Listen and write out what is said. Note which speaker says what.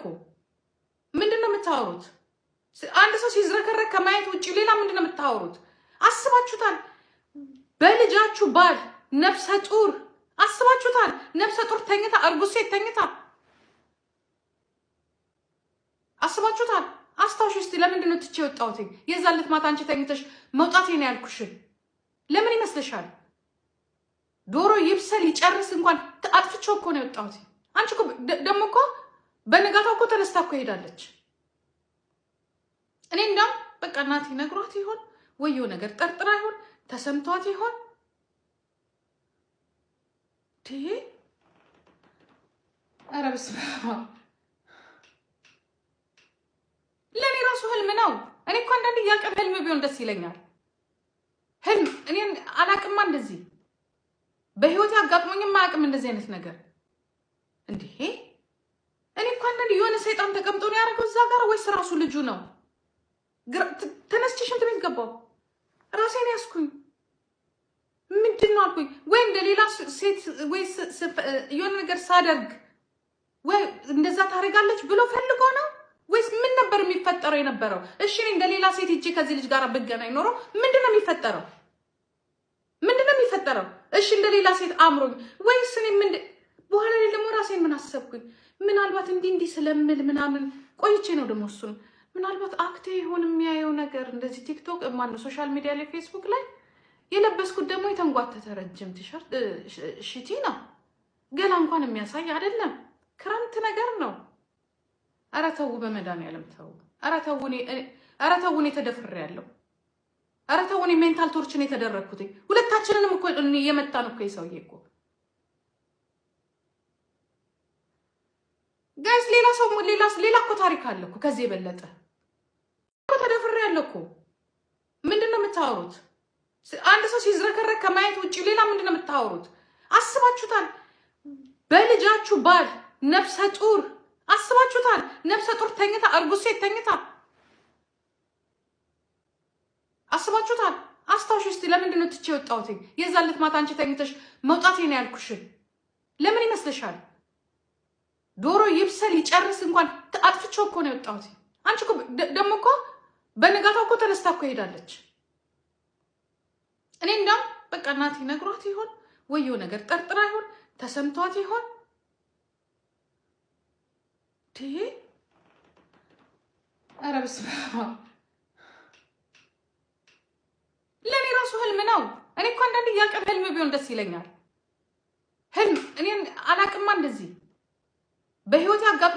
Speaker 1: እኮ ምንድን ነው የምታወሩት? አንድ ሰው ሲዝረከረክ ከማየት ውጭ ሌላ ምንድን ነው የምታወሩት? አስባችሁታል? በልጃችሁ ባል ነፍሰ ጡር አስባችሁታል? ነፍሰ ጡር ተኝታ፣ እርጉዝ ሴት ተኝታ አስባችሁታል? አስታውሽ እስቲ ለምንድን ነው ትቼ የዛለት የዛን ዕለት ማታ አንቺ ተኝተሽ መውጣቴ ነው ያልኩሽን ለምን ይመስልሻል? ዶሮ ይብሰል ይጨርስ እንኳን አጥፍቼው እኮ ነው የወጣሁት። አንቺ ደግሞ እኮ በንጋታው እኮ ተነስታ እኮ ሄዳለች። እኔ እንዳም በቃ እናቴ ነግሯት ይሆን ወየው ነገር ጠርጥራ ይሆን ተሰምቷት ይሆን ይሄ ኧረ በስመ አብ ለእኔ ራሱ ህልም ነው። እኔ እኮ አንዳንዴ ያቀም ህልም ቢሆን ደስ ይለኛል። ህልም እኔ አላቅማ እንደዚህ በህይወት አጋጥሞኝም አያውቅም እንደዚህ አይነት ነገር እንዲሄ እኔ እኮ አንዳንድ የሆነ ሰይጣን ተቀምጦ ነው ያደረገው እዛ ጋር ወይስ ራሱ ልጁ ነው? ተነስቼ ሽንት ቤት ገባው ራሴን ያስኩኝ ምንድን ነው አልኩኝ። ወይ እንደ ሌላ ሴት ወይ የሆነ ነገር ሳደርግ ወይ እንደዛ ታደርጋለች ብሎ ፈልጎ ነው ወይስ ምን ነበር የሚፈጠረው የነበረው? እሺ እኔ እንደ ሌላ ሴት እጄ ከዚህ ልጅ ጋር ብገናኝ ኖሮ ምንድን ነው የሚፈጠረው? ምንድን ነው የሚፈጠረው? እሺ እንደ ሌላ ሴት አምሮኝ ወይስ እኔ ምንድን በኋላ ላይ ደግሞ ራሴን ምን አሰብኩኝ፣ ምናልባት እንዲህ እንዲህ ስለምል ምናምን ቆይቼ ነው ደግሞ እሱን ምናልባት አክቴ ይሆን የሚያየው ነገር እንደዚህ ቲክቶክ ማነው ሶሻል ሚዲያ ላይ ፌስቡክ ላይ የለበስኩት ደግሞ የተንጓተተ ረጅም ቲሸርት ሽቲ ነው። ገላ እንኳን የሚያሳይ አይደለም። ክረምት ነገር ነው። ኧረ ተው በመድኃኒዓለም ተው። ኧረ ተው እኔ ተደፍሬያለሁ። ኧረ ተው እኔ ሜንታል ቶርችን የተደረግኩት ሁለታችንንም እኮ ነው እኮ የሰውዬ እኮ ጋይስ ሌላ ሰው ሌላ ሌላ እኮ ታሪክ አለ እኮ ከዚህ የበለጠ እኮ ተደፍሬ ያለ እኮ ምንድን ነው የምታወሩት? አንድ ሰው ሲዝረከረክ ከማየት ውጭ ሌላ ምንድን ነው የምታወሩት? አስባችሁታል? በልጃችሁ ባል ነፍሰ ጡር አስባችሁታል? ነፍሰ ጡር ተኝታ እርጉዝ ሴት ተኝታ አስባችሁታል? አስታውሽ እስቲ ለምንድን ነው ትቼ የወጣሁትኝ? የዛን ዕለት ማታ አንቺ ተኝተሽ መውጣቴ ነው ያልኩሽን ለምን ይመስልሻል? ዶሮ ይብሰል ይጨርስ እንኳን አጥፍቼው እኮ ነው የወጣሁት። አንቺ ደግሞ እኮ በንጋታው እኮ ተነስታ እኮ ሄዳለች። እኔ እንዳም በቃ እናቴ ነግሯት ይሆን ወየው ነገር ጠርጥራ ይሆን ተሰምቷት ይሆን ይሄ ኧረ በስመ አብ ለእኔ ራሱ ህልም ነው። እኔ እኮ አንዳንዴ ያቀም ህልም ቢሆን ደስ ይለኛል። ህልም እኔ አላቅማ እንደዚህ Behutha Gupta